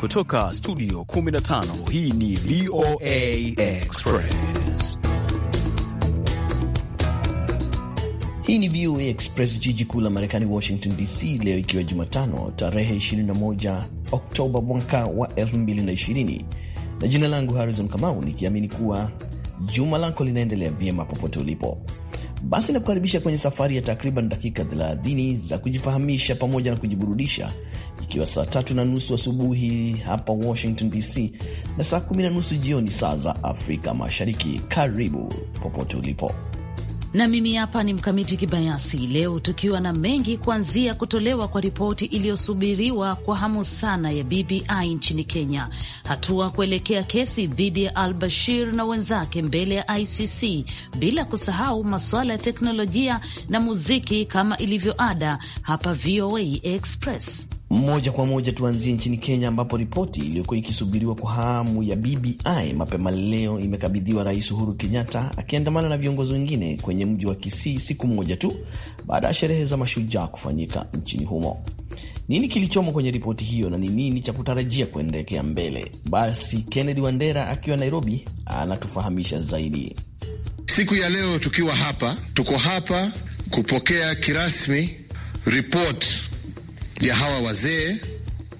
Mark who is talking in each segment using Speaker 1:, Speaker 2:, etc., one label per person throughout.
Speaker 1: Kutoka studio 15 hii ni VOA Express. Hii ni VOA Express, jiji kuu la Marekani, Washington DC, leo ikiwa Jumatano tarehe 21 Oktoba mwaka wa 2020 na jina langu Harrison Kamau, nikiamini kuwa juma lako linaendelea vyema popote ulipo. Basi nakukaribisha kwenye safari ya takriban dakika 30 za kujifahamisha pamoja na kujiburudisha, ikiwa saa tatu na nusu asubuhi hapa Washington DC na saa kumi na nusu jioni saa za Afrika Mashariki. Karibu popote ulipo
Speaker 2: na mimi hapa ni Mkamiti Kibayasi. Leo tukiwa na mengi, kuanzia kutolewa kwa ripoti iliyosubiriwa kwa hamu sana ya BBI nchini Kenya, hatua kuelekea kesi dhidi ya Al Bashir na wenzake mbele ya ICC, bila kusahau masuala ya teknolojia na muziki kama ilivyo ada hapa VOA Express.
Speaker 1: Moja kwa moja tuanzie nchini Kenya, ambapo ripoti iliyokuwa ikisubiriwa kwa hamu ya BBI mapema leo imekabidhiwa Rais Uhuru Kenyatta akiandamana na viongozi wengine kwenye mji wa Kisii siku moja tu baada ya sherehe za Mashujaa kufanyika nchini humo. Nini kilichomo kwenye ripoti hiyo na ni nini cha kutarajia kuendekea mbele? Basi Kennedy Wandera akiwa Nairobi anatufahamisha zaidi. Siku
Speaker 3: ya leo tukiwa hapa, tuko hapa kupokea kirasmi ripoti ya hawa wazee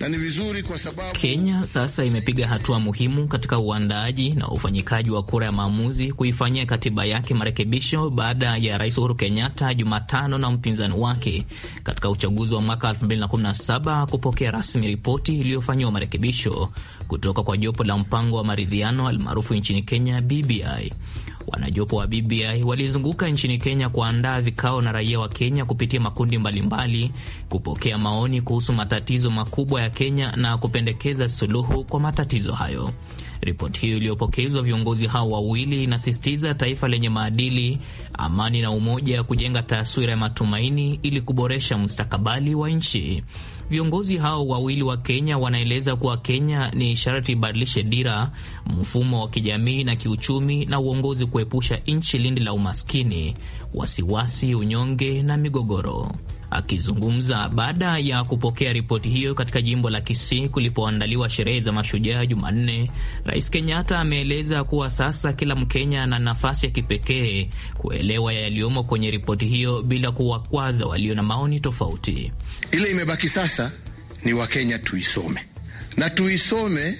Speaker 3: na ni vizuri kwa sababu Kenya sasa imepiga hatua muhimu katika uandaaji na ufanyikaji wa kura ya maamuzi kuifanyia katiba yake marekebisho baada ya Rais Uhuru Kenyatta Jumatano na mpinzani wake katika uchaguzi wa mwaka 2017 kupokea rasmi ripoti iliyofanyiwa marekebisho kutoka kwa jopo la mpango wa maridhiano almaarufu nchini Kenya, BBI. Wanajopo wa BBI walizunguka nchini Kenya kuandaa vikao na raia wa Kenya kupitia makundi mbalimbali mbali, kupokea maoni kuhusu matatizo makubwa ya Kenya na kupendekeza suluhu kwa matatizo hayo. Ripoti hiyo iliyopokezwa viongozi hao wawili inasisitiza taifa lenye maadili, amani na umoja, kujenga taswira ya matumaini ili kuboresha mustakabali wa nchi. Viongozi hao wawili wa Kenya wanaeleza kuwa Kenya ni sharti ibadilishe dira, mfumo wa kijamii na kiuchumi na uongozi, kuepusha nchi lindi la umaskini, wasiwasi, unyonge na migogoro. Akizungumza baada ya kupokea ripoti hiyo katika jimbo la Kisii kulipoandaliwa sherehe za mashujaa Jumanne, Rais Kenyatta ameeleza kuwa sasa kila Mkenya ana nafasi ya kipekee kuelewa yaliyomo kwenye ripoti hiyo bila kuwakwaza walio na maoni tofauti. Ile imebaki sasa sasa ni Wakenya tuisome, na tuisome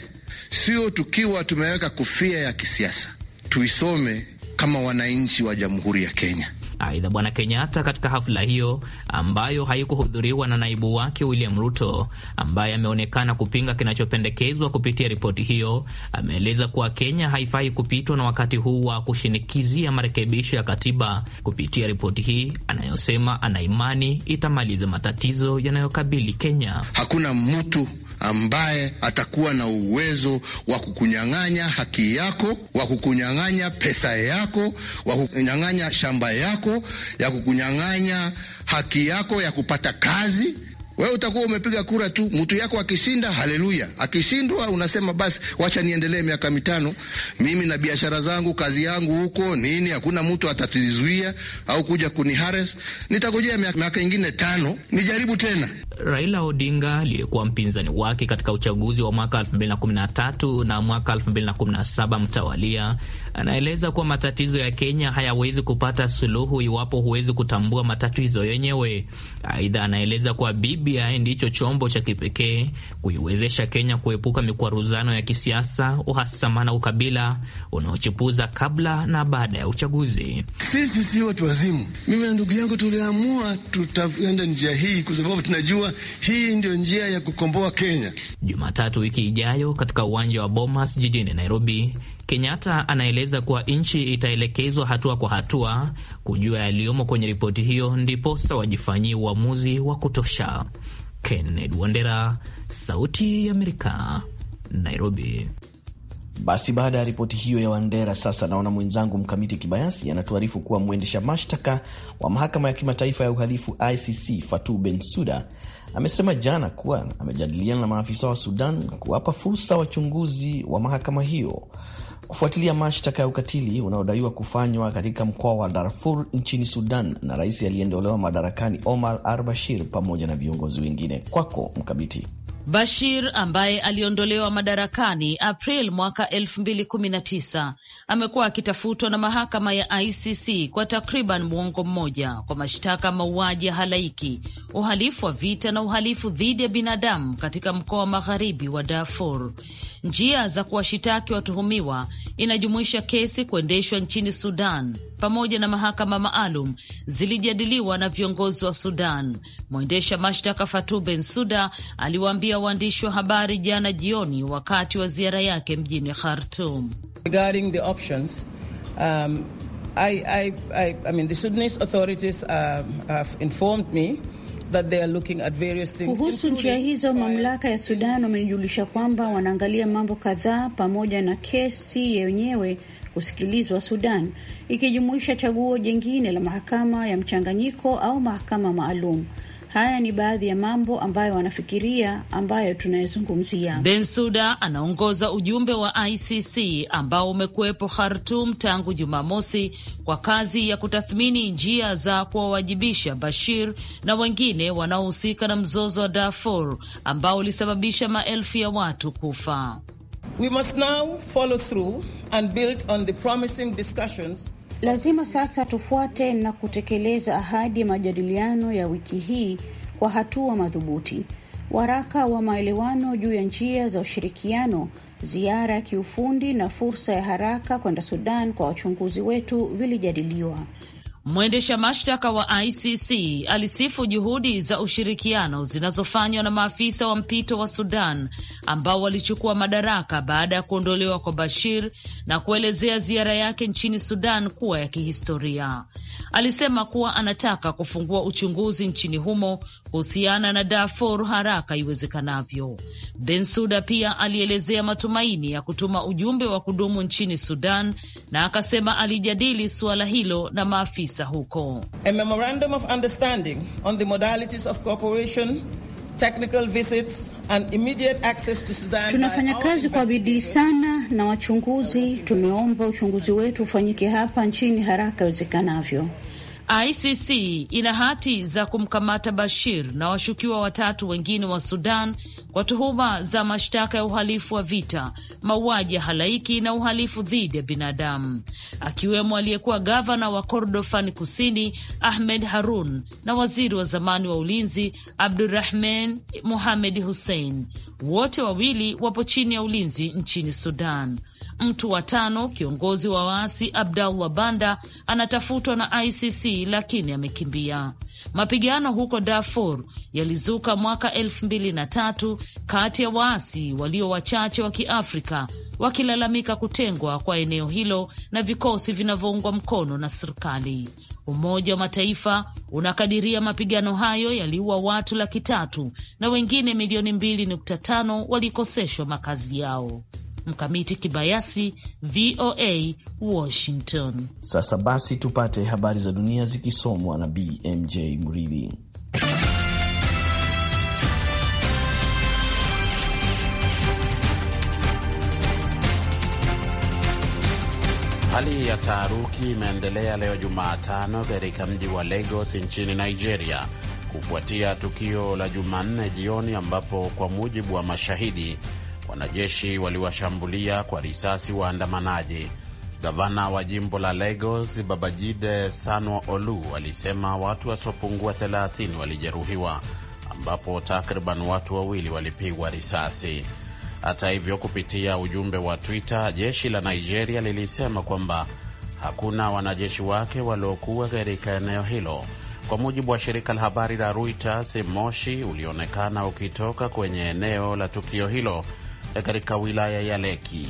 Speaker 3: sio tukiwa tumeweka kofia ya kisiasa, tuisome kama wananchi wa Jamhuri ya Kenya. Aidha, Bwana Kenyatta katika hafla hiyo ambayo haikuhudhuriwa na naibu wake William Ruto ambaye ameonekana kupinga kinachopendekezwa kupitia ripoti hiyo, ameeleza kuwa Kenya haifai kupitwa na wakati huu wa kushinikizia marekebisho ya katiba kupitia ripoti hii anayosema anaimani itamaliza matatizo yanayokabili Kenya. Hakuna mtu ambaye atakuwa na uwezo wa kukunyang'anya haki yako, wa kukunyang'anya pesa yako, wa kukunyang'anya shamba yako, ya kukunyang'anya haki yako ya kupata kazi. Wewe utakuwa umepiga kura tu, mtu yako akishinda, haleluya. Akishindwa unasema basi, wacha niendelee miaka mitano mimi na biashara zangu, kazi yangu huko nini, hakuna mtu atatuzuia au kuja kunihares. Nitagojea miaka ingine tano nijaribu tena. Raila Odinga aliyekuwa mpinzani wake katika uchaguzi wa mwaka 2013 na mwaka 2017 mtawalia, anaeleza kuwa matatizo ya Kenya hayawezi kupata suluhu iwapo huwezi kutambua matatizo yenyewe. Aidha, anaeleza kuwa BBI ndicho chombo cha kipekee kuiwezesha Kenya kuepuka mikwaruzano ya kisiasa, uhasama na ukabila unaochipuza kabla na baada ya uchaguzi. Sisi si watu wazimu. Mimi na ndugu yangu tuliamua tutaenda njia hii kwa sababu
Speaker 4: tunajua kuwa hii ndio njia
Speaker 3: ya kukomboa Kenya. Jumatatu wiki ijayo katika uwanja wa Bomas jijini Nairobi, Kenyatta anaeleza kuwa nchi itaelekezwa hatua kwa hatua kujua yaliyomo kwenye ripoti hiyo, ndiposa wajifanyie uamuzi wa kutosha.
Speaker 1: Kenneth Wandera, Sauti ya Amerika, Nairobi. Basi baada ya ripoti hiyo ya Wandera, sasa naona mwenzangu Mkamiti Kibayasi anatuarifu kuwa mwendesha mashtaka wa mahakama ya kimataifa ya uhalifu ICC ben suda amesema jana kuwa amejadiliana na maafisa wa Sudan kuwapa fursa wachunguzi wa mahakama hiyo kufuatilia mashtaka ya ukatili unaodaiwa kufanywa katika mkoa wa Darfur nchini Sudan na rais aliyeondolewa madarakani Omar al Bashir pamoja na viongozi wengine. Kwako Mkamiti.
Speaker 2: Bashir ambaye aliondolewa madarakani April mwaka 219 amekuwa akitafutwa na mahakama ya ICC kwa takriban mwongo mmoja kwa mashtaka mauaji ya halaiki, uhalifu wa vita na uhalifu dhidi ya binadamu katika mkoa wa magharibi wa Darfur. Njia za kuwashitaki watuhumiwa inajumuisha kesi kuendeshwa nchini Sudan pamoja na mahakama maalum zilijadiliwa na viongozi wa Sudan. Mwendesha mashtaka Fatu suda aliwaambia waandishi wa habari jana jioni wakati wa ziara yake mjini Khartum.
Speaker 4: Um, uh, Kuhusu njia
Speaker 5: hizo, mamlaka ya Sudan wamenijulisha kwamba wanaangalia mambo kadhaa pamoja na kesi yenyewe kusikilizwa Sudan, ikijumuisha chaguo jingine la mahakama ya mchanganyiko au mahakama maalum. Haya ni baadhi ya mambo ambayo wanafikiria ambayo tunayozungumzia.
Speaker 2: Bensuda anaongoza ujumbe wa ICC ambao umekuwepo Khartum tangu Jumamosi kwa kazi ya kutathmini njia za kuwawajibisha Bashir na wengine wanaohusika na mzozo wa Darfur ambao ulisababisha maelfu ya watu kufa.
Speaker 4: We must now follow through and build on the promising discussions.
Speaker 5: Lazima sasa tufuate na kutekeleza ahadi ya majadiliano ya wiki hii kwa hatua madhubuti. Waraka wa maelewano juu ya njia za ushirikiano, ziara ya kiufundi na fursa ya haraka kwenda Sudan kwa wachunguzi wetu vilijadiliwa.
Speaker 2: Mwendesha mashtaka wa ICC alisifu juhudi za ushirikiano zinazofanywa na maafisa wa mpito wa Sudan ambao walichukua madaraka baada ya kuondolewa kwa Bashir na kuelezea ziara yake nchini Sudan kuwa ya kihistoria. Alisema kuwa anataka kufungua uchunguzi nchini humo kuhusiana na Darfur haraka iwezekanavyo. Bensuda pia alielezea matumaini ya kutuma ujumbe wa kudumu nchini Sudan na akasema alijadili suala hilo na maafisa huko.
Speaker 4: A memorandum of understanding on the modalities of cooperation Technical visits and immediate access to Sudan. Tunafanya kazi
Speaker 2: kwa bidii
Speaker 5: sana na wachunguzi. Tumeomba uchunguzi wetu ufanyike hapa nchini haraka iwezekanavyo.
Speaker 2: ICC ina hati za kumkamata Bashir na washukiwa watatu wengine wa Sudan kwa tuhuma za mashtaka ya uhalifu wa vita, mauaji ya halaiki na uhalifu dhidi ya binadamu, akiwemo aliyekuwa gavana wa Kordofan Kusini Ahmed Harun na waziri wa zamani wa ulinzi Abdurahman muhamed Hussein. Wote wawili wapo chini ya ulinzi nchini Sudan. Mtu wa tano, kiongozi wa waasi Abdallah Banda, anatafutwa na ICC lakini amekimbia. Mapigano huko Darfur yalizuka mwaka elfu mbili na tatu kati ya waasi walio wachache wa Kiafrika wakilalamika kutengwa kwa eneo hilo na vikosi vinavyoungwa mkono na serikali. Umoja wa Mataifa unakadiria mapigano hayo yaliua watu laki tatu na wengine milioni mbili nukta tano walikoseshwa makazi yao. Mkamiti Kibayasi, VOA Washington.
Speaker 1: Sasa basi tupate habari za dunia zikisomwa na BMJ Mridhi.
Speaker 6: Hali ya taharuki imeendelea leo Jumatano katika mji wa Lagos nchini Nigeria kufuatia tukio la Jumanne jioni ambapo kwa mujibu wa mashahidi wanajeshi waliwashambulia kwa risasi waandamanaji. Gavana wa jimbo la Lagos Babajide Sanwo Olu alisema watu wasiopungua 30 walijeruhiwa, ambapo takriban watu wawili walipigwa risasi. Hata hivyo, kupitia ujumbe wa Twitter, jeshi la Nigeria lilisema kwamba hakuna wanajeshi wake waliokuwa katika eneo hilo. Kwa mujibu wa shirika la habari la Reuters, moshi ulionekana ukitoka kwenye eneo la tukio hilo katika wilaya ya Leki.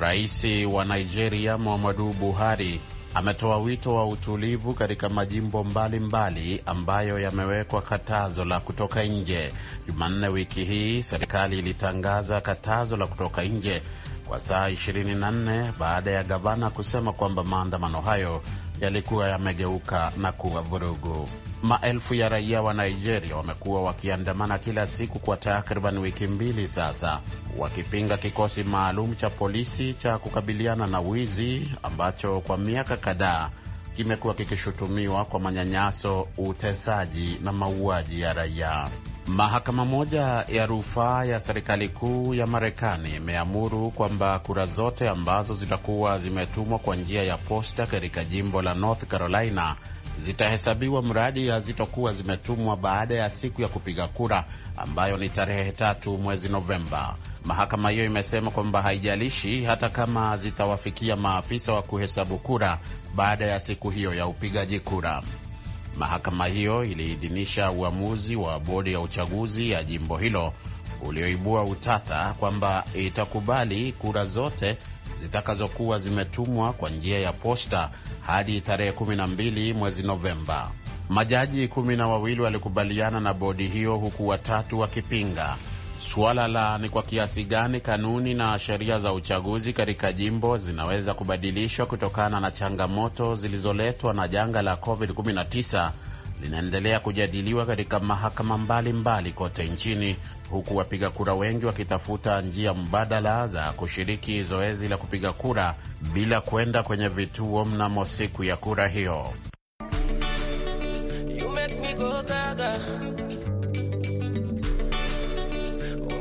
Speaker 6: Rais wa Nigeria Muhammadu Buhari ametoa wito wa utulivu katika majimbo mbalimbali mbali ambayo yamewekwa katazo la kutoka nje. Jumanne wiki hii serikali ilitangaza katazo la kutoka nje kwa saa 24 baada ya gavana kusema kwamba maandamano hayo yalikuwa yamegeuka na kuwa vurugu. Maelfu ya raia wa Nigeria wamekuwa wakiandamana kila siku kwa takriban wiki mbili sasa, wakipinga kikosi maalum cha polisi cha kukabiliana na wizi ambacho kwa miaka kadhaa kimekuwa kikishutumiwa kwa manyanyaso, utesaji na mauaji ya raia. Mahakama moja ya rufaa ya serikali kuu ya Marekani imeamuru kwamba kura zote ambazo zitakuwa zimetumwa kwa njia ya posta katika jimbo la North Carolina zitahesabiwa mradi hazitokuwa zimetumwa baada ya siku ya kupiga kura ambayo ni tarehe tatu mwezi Novemba. Mahakama hiyo imesema kwamba haijalishi hata kama zitawafikia maafisa wa kuhesabu kura baada ya siku hiyo ya upigaji kura. Mahakama hiyo iliidhinisha uamuzi wa bodi ya uchaguzi ya jimbo hilo ulioibua utata kwamba itakubali kura zote zitakazokuwa zimetumwa kwa njia ya posta hadi tarehe 12 mwezi Novemba. Majaji kumi na wawili walikubaliana na bodi hiyo huku watatu wakipinga. Suala la ni kwa kiasi gani kanuni na sheria za uchaguzi katika jimbo zinaweza kubadilishwa kutokana na changamoto zilizoletwa na janga la COVID-19 linaendelea kujadiliwa katika mahakama mbalimbali mbali kote nchini, huku wapiga kura wengi wakitafuta njia mbadala za kushiriki zoezi la kupiga kura bila kwenda kwenye vituo mnamo siku ya kura hiyo.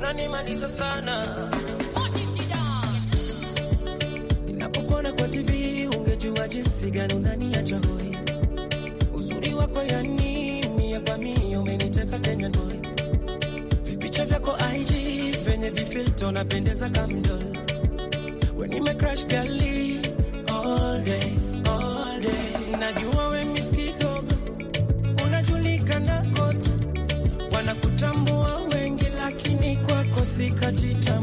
Speaker 4: unanimaliza sana. Ninapokuona kwa TV ungejua jinsi gani unaniacha hoi. Uzuri wako yani mia kwa mia umeniteka Kenya boy. Vipicha vyako IG venye vifilto napendeza kamdol. When you make crash girl all day all day. Najua katikati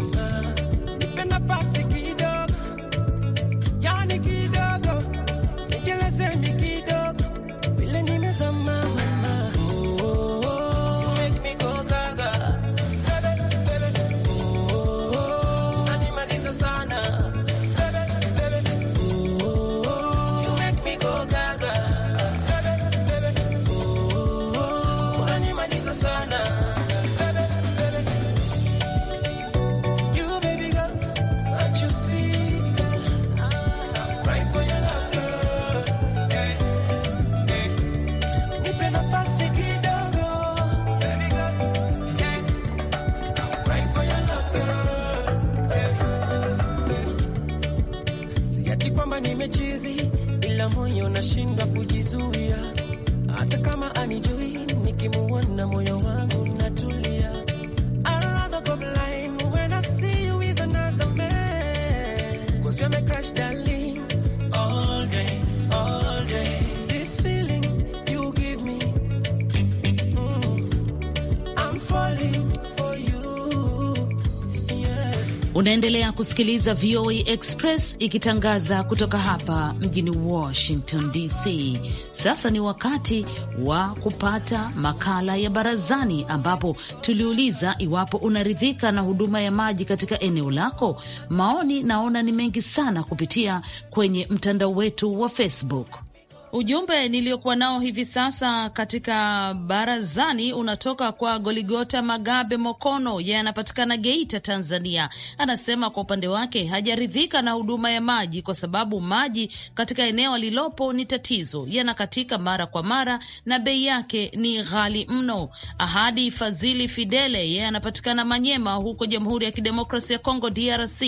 Speaker 2: Unaendelea kusikiliza VOA Express ikitangaza kutoka hapa mjini Washington DC. Sasa ni wakati wa kupata makala ya Barazani, ambapo tuliuliza iwapo unaridhika na huduma ya maji katika eneo lako. Maoni naona ni mengi sana kupitia kwenye mtandao wetu wa Facebook. Ujumbe niliyokuwa nao hivi sasa katika barazani unatoka kwa Goligota Magabe Mokono, yeye anapatikana Geita, Tanzania. Anasema kwa upande wake hajaridhika na huduma ya maji kwa sababu maji katika eneo alilopo ni tatizo, yanakatika mara kwa mara na bei yake ni ghali mno. Ahadi fazili Fidele, yeye anapatikana Manyema huko Jamhuri ya kidemokrasi ya Kongo, DRC,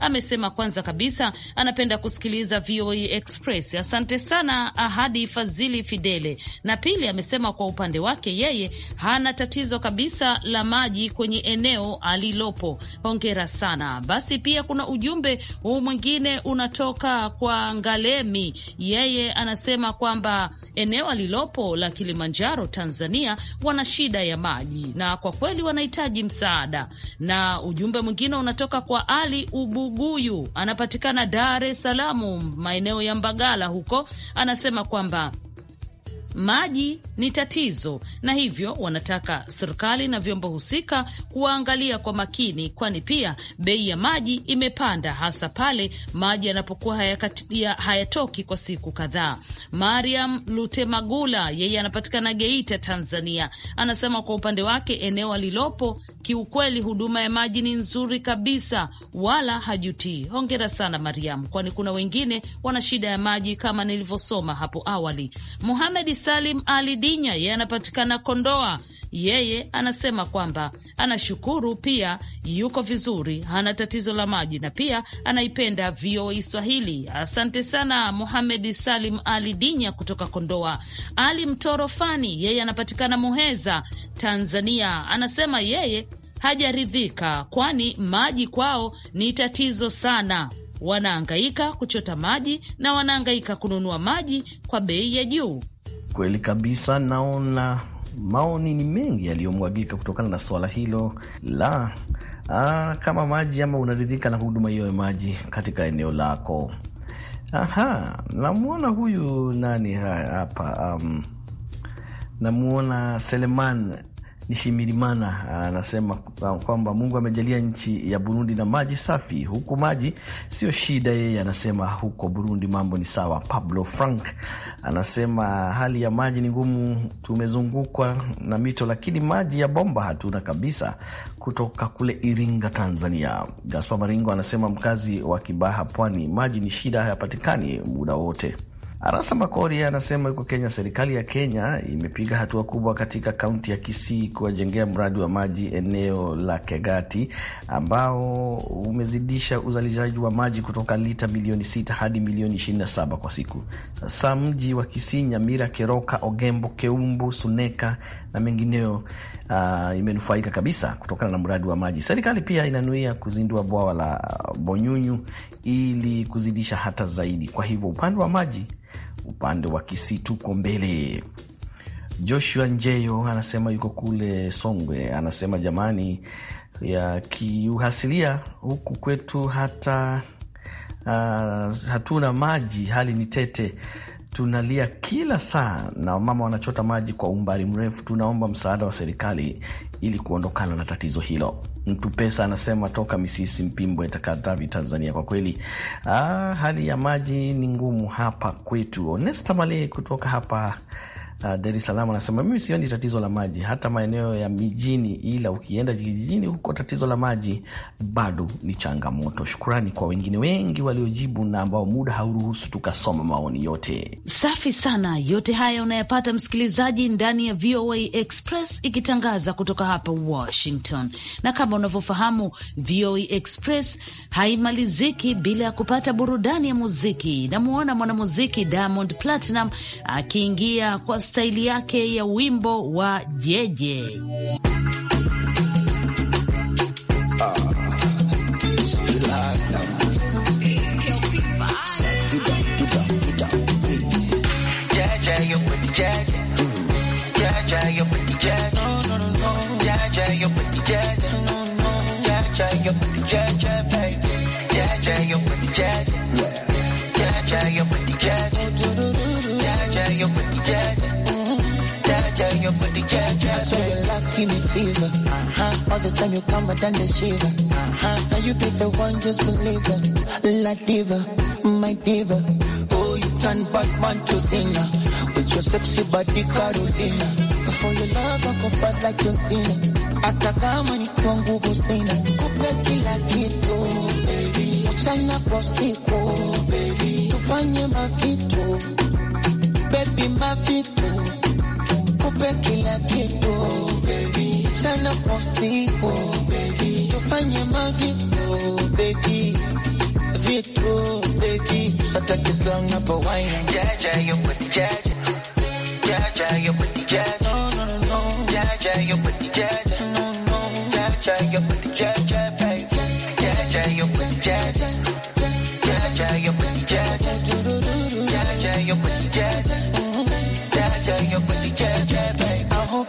Speaker 2: amesema kwanza kabisa anapenda kusikiliza VOA e Express. Asante sana Ahadi fazili Fidele, na pili amesema kwa upande wake yeye hana tatizo kabisa la maji kwenye eneo alilopo. Hongera sana. Basi pia kuna ujumbe huu mwingine unatoka kwa Ngalemi, yeye anasema kwamba eneo alilopo la Kilimanjaro, Tanzania, wana shida ya maji na kwa kweli wanahitaji msaada. Na ujumbe mwingine unatoka kwa Ali Ubuguyu, anapatikana Dar es Salaam, maeneo ya Mbagala huko, anasema amesema kwamba maji ni tatizo, na hivyo wanataka serikali na vyombo husika kuwaangalia kwa makini, kwani pia bei ya maji imepanda, hasa pale maji yanapokuwa hayatoki kwa siku kadhaa. Mariam Lutemagula yeye anapatikana Geita, Tanzania, anasema kwa upande wake eneo alilopo kiukweli, huduma ya maji ni nzuri kabisa, wala hajutii. Hongera sana Mariam, kwani kuna wengine wana shida ya maji kama nilivyosoma hapo awali. Muhamedi Salim Ali Dinya, yeye anapatikana Kondoa. Yeye anasema kwamba anashukuru pia, yuko vizuri, hana tatizo la maji na pia anaipenda VOA e Swahili. Asante sana Muhamed Salim Ali Dinya kutoka Kondoa. Ali Mtorofani yeye anapatikana Muheza, Tanzania, anasema yeye hajaridhika, kwani maji kwao ni tatizo sana wanaangaika kuchota maji na wanaangaika kununua maji kwa bei ya juu.
Speaker 1: Kweli kabisa, naona maoni ni mengi yaliyomwagika kutokana na swala hilo la ah, kama maji ama unaridhika na huduma hiyo ya maji katika eneo lako. Aha, namwona huyu nani hapa um, namwona Seleman Nishimirimana ah, anasema ah, kwamba Mungu amejalia nchi ya Burundi na maji safi, huku maji sio shida. Yeye anasema huko Burundi mambo ni sawa. Pablo Frank anasema hali ya maji ni ngumu, tumezungukwa na mito, lakini maji ya bomba hatuna kabisa, kutoka kule Iringa, Tanzania. Gaspar Maringo anasema mkazi wa Kibaha, Pwani, maji ni shida, hayapatikani muda wote. Arasa Makori anasema yuko Kenya. Serikali ya Kenya imepiga hatua kubwa katika kaunti ya Kisii kuwajengea mradi wa maji eneo la Kegati ambao umezidisha uzalishaji wa maji kutoka lita milioni 6 hadi milioni 27 kwa siku. Sasa mji wa Kisii, Nyamira, Keroka, Ogembo, Keumbu, Suneka na mengineo uh, imenufaika kabisa kutokana na mradi wa maji. Serikali pia inanuia kuzindua bwawa la Bonyunyu ili kuzidisha hata zaidi. Kwa hivyo upande wa maji, upande wa Kisii tuko mbele. Joshua Njeyo anasema yuko kule Songwe, anasema jamani, ya kiuhasilia huku kwetu hata uh, hatuna maji, hali ni tete tunalia kila saa na wamama wanachota maji kwa umbali mrefu. Tunaomba msaada wa serikali ili kuondokana na tatizo hilo. Mtu pesa anasema toka Misisi mpimbo Takadhavi, Tanzania. Kwa kweli ah, hali ya maji ni ngumu hapa kwetu. Onesta Male kutoka hapa uh, Dar es Salaam anasema mimi sioni tatizo la maji hata maeneo ya mijini, ila ukienda kijijini huko tatizo la maji bado ni changamoto. Shukrani kwa wengine wengi waliojibu na ambao muda hauruhusu tukasoma maoni yote.
Speaker 2: Safi sana, yote haya unayapata msikilizaji ndani ya VOA Express ikitangaza kutoka hapa Washington, na kama unavyofahamu VOA Express haimaliziki bila ya kupata burudani ya muziki. Namuona mwanamuziki Diamond Platinum akiingia kwa staili yake ya wimbo wa Jeje.
Speaker 7: Ah. So your love give me fever. Uh-huh. All the time you come, I done the shiver. Uh-huh. Now you be the one, just believe her. La diva, my diva. Oh, you turn Batman to singer. With your sexy body, Carolina. For your love, I go fat like John Cena. Hata ni kwa nguvu sina. Kupe kila kitu, baby. Mchana kwa siku, baby. Tufanye mavitu, oh. baby mavitu. nikupe kila kitu baby, mchana kwa usiku baby, tufanye mavitu baby, vitu baby, sataki slang hapo wine jaja yo with the jaja jaja yo with the jaja no
Speaker 4: no no no
Speaker 7: jaja yo with the jaja no no jaja yo with the jaja baby jaja yo with the jaja jaja yo with the jaja jaja yo with the jaja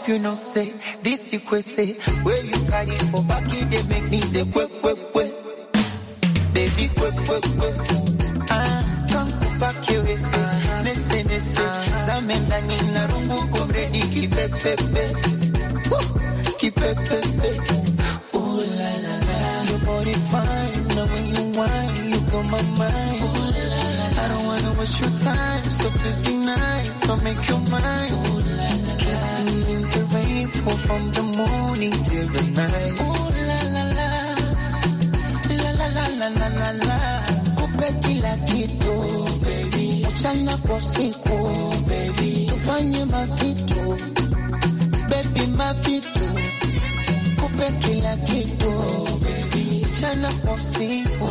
Speaker 7: you know say this you quit say where you carry for back they make me the quick quick quick baby quick quick quick ah come back you is nese nese zame ndani na rungu kumredi kipepepe kipepepe ooh la la la your body fine now when you wine you blow my mind ooh la la I don't wanna waste your time so please be nice so make your mind usiku tufanye mavitu bebi mavitu kupe kila kitu baby, chana usiku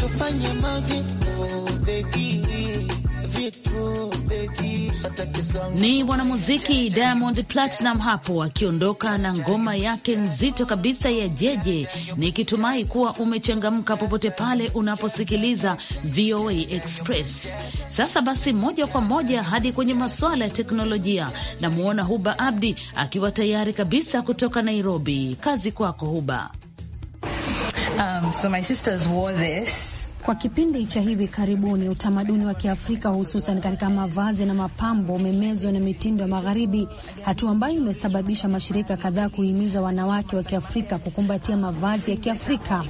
Speaker 7: tufanye mavitu bebi vitu
Speaker 2: ni mwanamuziki Diamond Platinum hapo akiondoka na ngoma yake nzito kabisa ya Jeje, nikitumai kuwa umechangamka popote pale unaposikiliza VOA Express. Sasa basi, moja kwa moja hadi kwenye masuala ya teknolojia, namwona Huba Abdi akiwa tayari kabisa kutoka Nairobi. Kazi kwako Huba.
Speaker 8: Um, so my sisters wore
Speaker 5: this. Kwa kipindi cha hivi karibuni, utamaduni wa Kiafrika hususan katika mavazi na mapambo umemezwa na mitindo ya Magharibi, hatua ambayo imesababisha mashirika kadhaa kuhimiza wanawake wa Kiafrika kukumbatia mavazi ya Kiafrika.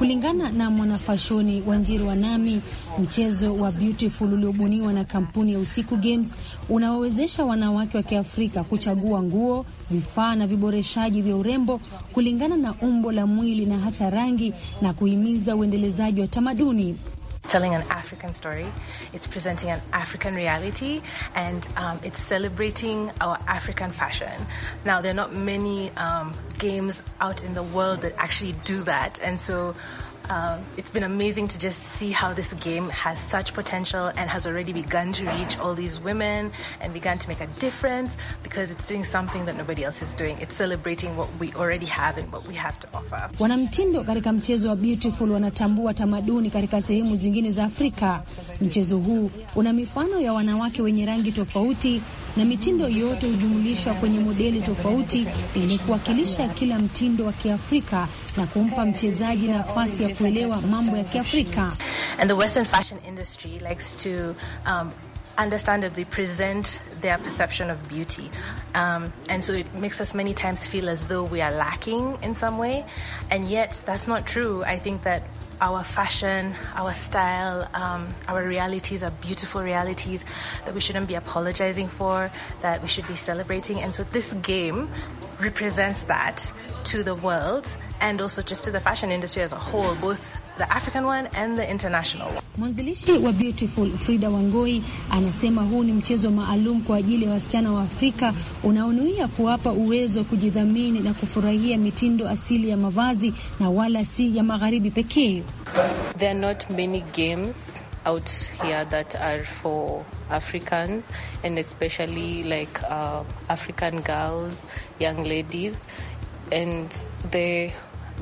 Speaker 5: Kulingana na mwanafashoni Wanjiru wa Nami, mchezo wa Beautiful uliobuniwa na kampuni ya Usiku Games unawawezesha wanawake wa Kiafrika kuchagua nguo, vifaa na viboreshaji vya urembo kulingana na umbo la mwili na hata rangi, na kuhimiza uendelezaji wa tamaduni. telling an
Speaker 8: African story, it's presenting an African reality, and um, it's celebrating our African fashion. Now, there are not many um, games out in the world that actually do that, and so um, it's been amazing to just see how this game has such potential and has already begun to reach all these women and begun to make a difference because it's doing something that nobody else is doing. It's celebrating what we already have and what we have to offer.
Speaker 5: Wanamtindo katika mchezo wa Beautiful wanatambua tamaduni katika sehemu zingine za Afrika. Mchezo huu una mifano ya wanawake wenye rangi tofauti na mitindo yote hujumulishwa kwenye modeli tofauti ili kuwakilisha kila mtindo wa Kiafrika na kumpa mchezaji nafasi ya kuelewa mambo ya Kiafrika.
Speaker 8: And the Western fashion industry likes to um, understandably present their perception of beauty. Um, and so it makes us many times feel as though we are lacking in some way. And yet that's not true. I think that our fashion, our style, um, our realities are beautiful realities that we shouldn't be apologizing for, that we should be celebrating. And so this game represents that to the world and also just to the fashion industry as a whole, both the African one and the international one.
Speaker 5: Mwanzilishi wa Beautiful Frida Wangoi anasema huu ni mchezo maalum kwa ajili ya wasichana wa Afrika unaonuia kuwapa uwezo wa kujidhamini na kufurahia mitindo asili ya mavazi na wala si ya magharibi pekee.
Speaker 2: There are not many games out here that are for Africans and especially like uh, African girls, young ladies and the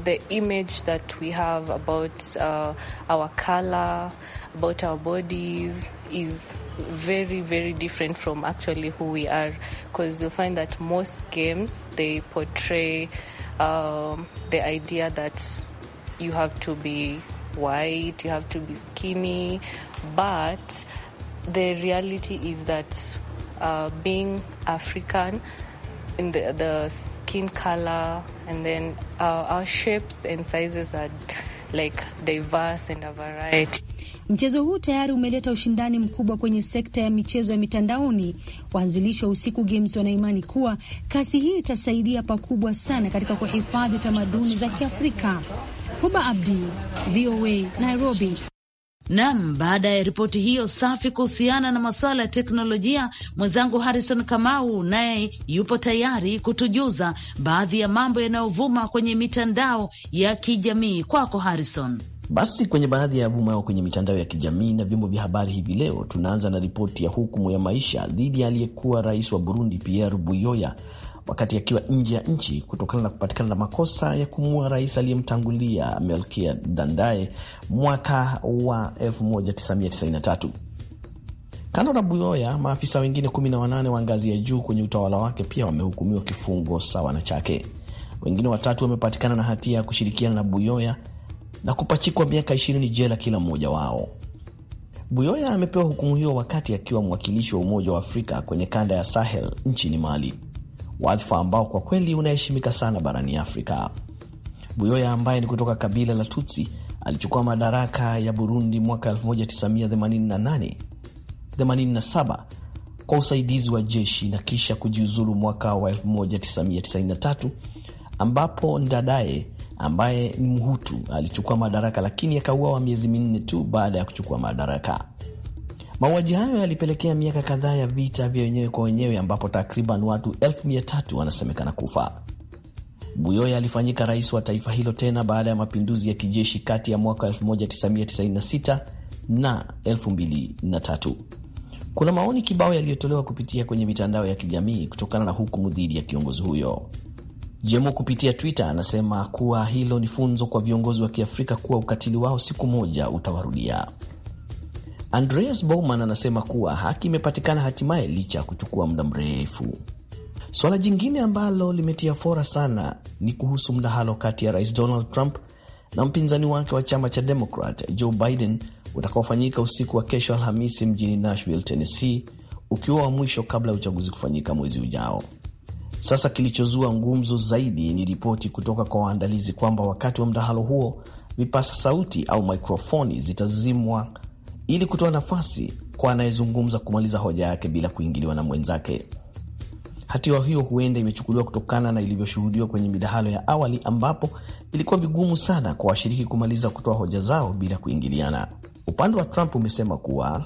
Speaker 2: the image that we have about uh, our color, about our bodies is very, very
Speaker 3: different from actually who we are. Because you'll find that most games they portray um, the idea that you have to be
Speaker 2: white, you have to be skinny, but the reality is that uh, being African in the, the skin color and then our, our shapes and sizes are like diverse and a variety.
Speaker 5: Mchezo huu tayari umeleta ushindani mkubwa kwenye sekta ya michezo ya mitandaoni. Waanzilishi wa Usiku Games wanaimani kuwa kasi hii itasaidia pakubwa
Speaker 2: sana katika kuhifadhi tamaduni za Kiafrika. Huba Abdi, VOA, Nairobi. Nam, baada ya ripoti hiyo safi kuhusiana na masuala ya teknolojia, mwenzangu Harrison Kamau naye yupo tayari kutujuza baadhi ya mambo yanayovuma kwenye mitandao ya kijamii. Kwako Harrison.
Speaker 1: Basi kwenye baadhi ya vumao kwenye mitandao ya kijamii na vyombo vya habari hivi leo, tunaanza na ripoti ya hukumu ya maisha dhidi ya aliyekuwa rais wa Burundi Pierre Buyoya wakati akiwa nje ya nchi kutokana na kupatikana na makosa ya kumua rais aliyemtangulia Melkia Dandae mwaka wa 1993. Kando na Buyoya, maafisa wengine 18 wa ngazi ya juu kwenye utawala wake pia wamehukumiwa kifungo sawa na chake. Wengine watatu wamepatikana na hatia ya kushirikiana na Buyoya na kupachikwa miaka 20 jela kila mmoja wao. Buyoya amepewa hukumu hiyo wakati akiwa mwakilishi wa Umoja wa Afrika kwenye kanda ya Sahel nchini Mali wadhifa ambao kwa kweli unaheshimika sana barani Afrika. Buyoya ambaye ni kutoka kabila la Tutsi alichukua madaraka ya Burundi mwaka 1988 87 kwa usaidizi wa jeshi na kisha kujiuzulu mwaka wa 1993 ambapo Ndadaye ambaye ni Mhutu alichukua madaraka, lakini akauawa miezi minne tu baada ya kuchukua madaraka. Mauaji hayo yalipelekea miaka kadhaa ya vita vya wenyewe kwa wenyewe ambapo takriban watu elfu mia tatu wanasemekana kufa. Buyoya alifanyika rais wa taifa hilo tena baada ya mapinduzi ya kijeshi kati ya mwaka 1996 na 2003. Kuna maoni kibao yaliyotolewa kupitia kwenye mitandao ya kijamii kutokana na hukumu dhidi ya kiongozi huyo. Jemo kupitia Twitter anasema kuwa hilo ni funzo kwa viongozi wa Kiafrika kuwa ukatili wao siku moja utawarudia. Andreas Bowman anasema kuwa haki imepatikana hatimaye licha ya kuchukua muda mrefu. Swala jingine ambalo limetia fora sana ni kuhusu mdahalo kati ya Rais Donald Trump na mpinzani wake wa chama cha Demokrat Joe Biden utakaofanyika usiku wa kesho Alhamisi mjini Nashville, Tennessee, ukiwa wa mwisho kabla ya uchaguzi kufanyika mwezi ujao. Sasa kilichozua ngumzo zaidi ni ripoti kutoka kwa waandalizi kwamba wakati wa mdahalo huo vipasa sauti au mikrofoni zitazimwa ili kutoa nafasi kwa anayezungumza kumaliza hoja yake bila kuingiliwa na mwenzake. Hatua hiyo huenda imechukuliwa kutokana na ilivyoshuhudiwa kwenye midahalo ya awali ambapo ilikuwa vigumu sana kwa washiriki kumaliza kutoa hoja zao bila kuingiliana. Upande wa Trump umesema kuwa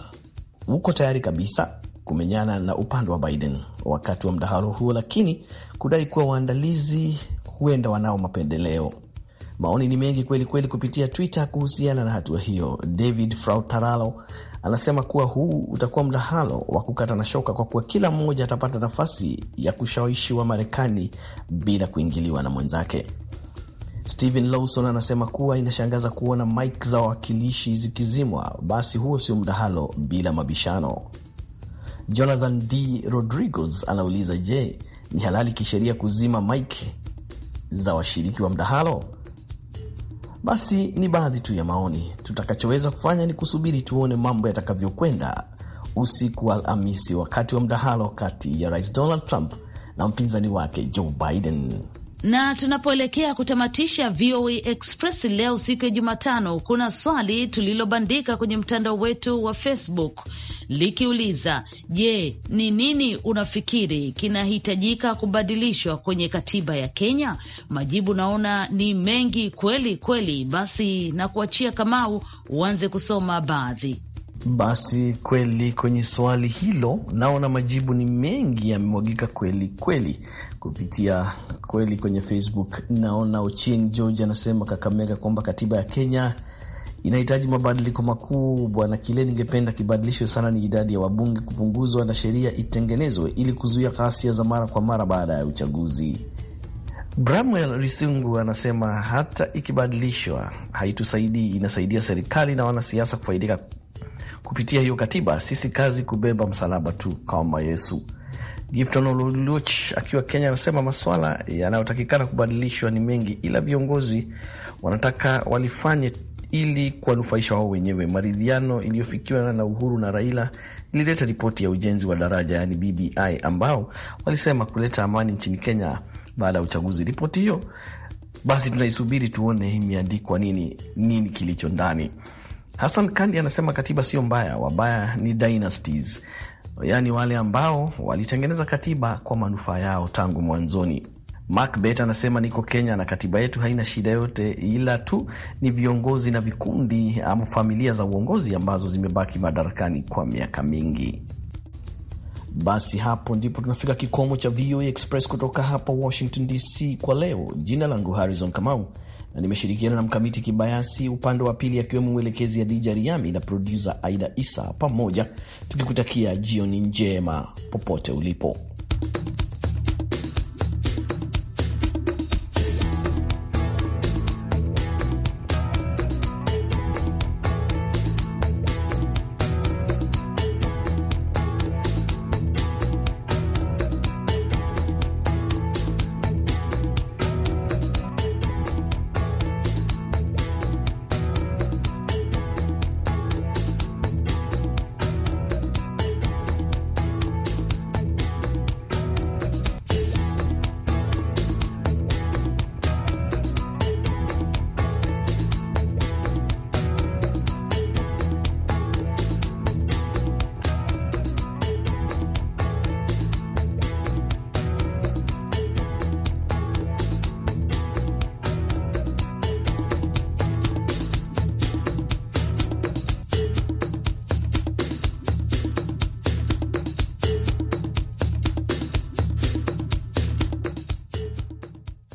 Speaker 1: uko tayari kabisa kumenyana na upande wa Biden wakati wa mdahalo huo, lakini kudai kuwa waandalizi huenda wanao mapendeleo. Maoni ni mengi kweli kweli kupitia Twitter kuhusiana na hatua hiyo. David Frautaralo anasema kuwa huu utakuwa mdahalo wa kukata na shoka kwa kuwa kila mmoja atapata nafasi ya kushawishiwa Marekani bila kuingiliwa na mwenzake. Stephen Lawson anasema kuwa inashangaza kuona mike za wawakilishi zikizimwa, basi huo sio mdahalo bila mabishano. Jonathan D Rodriguez anauliza, je, ni halali kisheria kuzima mike za washiriki wa mdahalo? Basi ni baadhi tu ya maoni. Tutakachoweza kufanya ni kusubiri tuone mambo yatakavyokwenda usiku wa Alhamisi wakati wa mdahalo kati ya Rais Donald Trump na mpinzani wake Joe Biden.
Speaker 2: Na tunapoelekea kutamatisha VOA Express leo siku ya Jumatano, kuna swali tulilobandika kwenye mtandao wetu wa Facebook likiuliza, je, ni nini unafikiri kinahitajika kubadilishwa kwenye katiba ya Kenya? Majibu naona ni mengi kweli kweli. Basi na kuachia Kamau uanze kusoma baadhi.
Speaker 1: Basi kweli kwenye swali hilo naona majibu ni mengi yamemwagika kweli kweli kupitia kweli kwenye Facebook. Naona Ochieng George anasema Kakamega kwamba katiba ya Kenya inahitaji mabadiliko makubwa, na kile ningependa kibadilishwe sana ni idadi ya wabunge kupunguzwa na sheria itengenezwe ili kuzuia ghasia za mara kwa mara baada ya uchaguzi. Bramwel Risungu anasema hata ikibadilishwa haitusaidii, inasaidia serikali na wanasiasa kufaidika Kupitia hiyo katiba, sisi kazi kubeba msalaba tu kama Yesu. Gifton akiwa Kenya anasema maswala yanayotakikana kubadilishwa ni mengi, ila viongozi wanataka walifanye ili kuwanufaisha wao wenyewe. Maridhiano iliyofikiwa na Uhuru na Raila ilileta ripoti ya ujenzi wa daraja yani BBI, ambao walisema kuleta amani nchini Kenya baada ya uchaguzi. Ripoti hiyo basi tunaisubiri tuone imeandikwa nini, nini kilicho ndani. Hassan Kandi anasema katiba sio mbaya, wabaya ni dynasties, yaani wale ambao walitengeneza katiba kwa manufaa yao tangu mwanzoni. macbet anasema niko Kenya na katiba yetu haina shida yote, ila tu ni viongozi na vikundi ama familia za uongozi ambazo zimebaki madarakani kwa miaka mingi. Basi hapo ndipo tunafika kikomo cha VOA Express kutoka hapa Washington DC kwa leo. Jina langu Harrison Kamau na nimeshirikiana na Mkamiti Kibayasi upande wa pili, akiwemo mwelekezi dija Riami na produsa Aida Isa, pamoja tukikutakia jioni njema popote ulipo.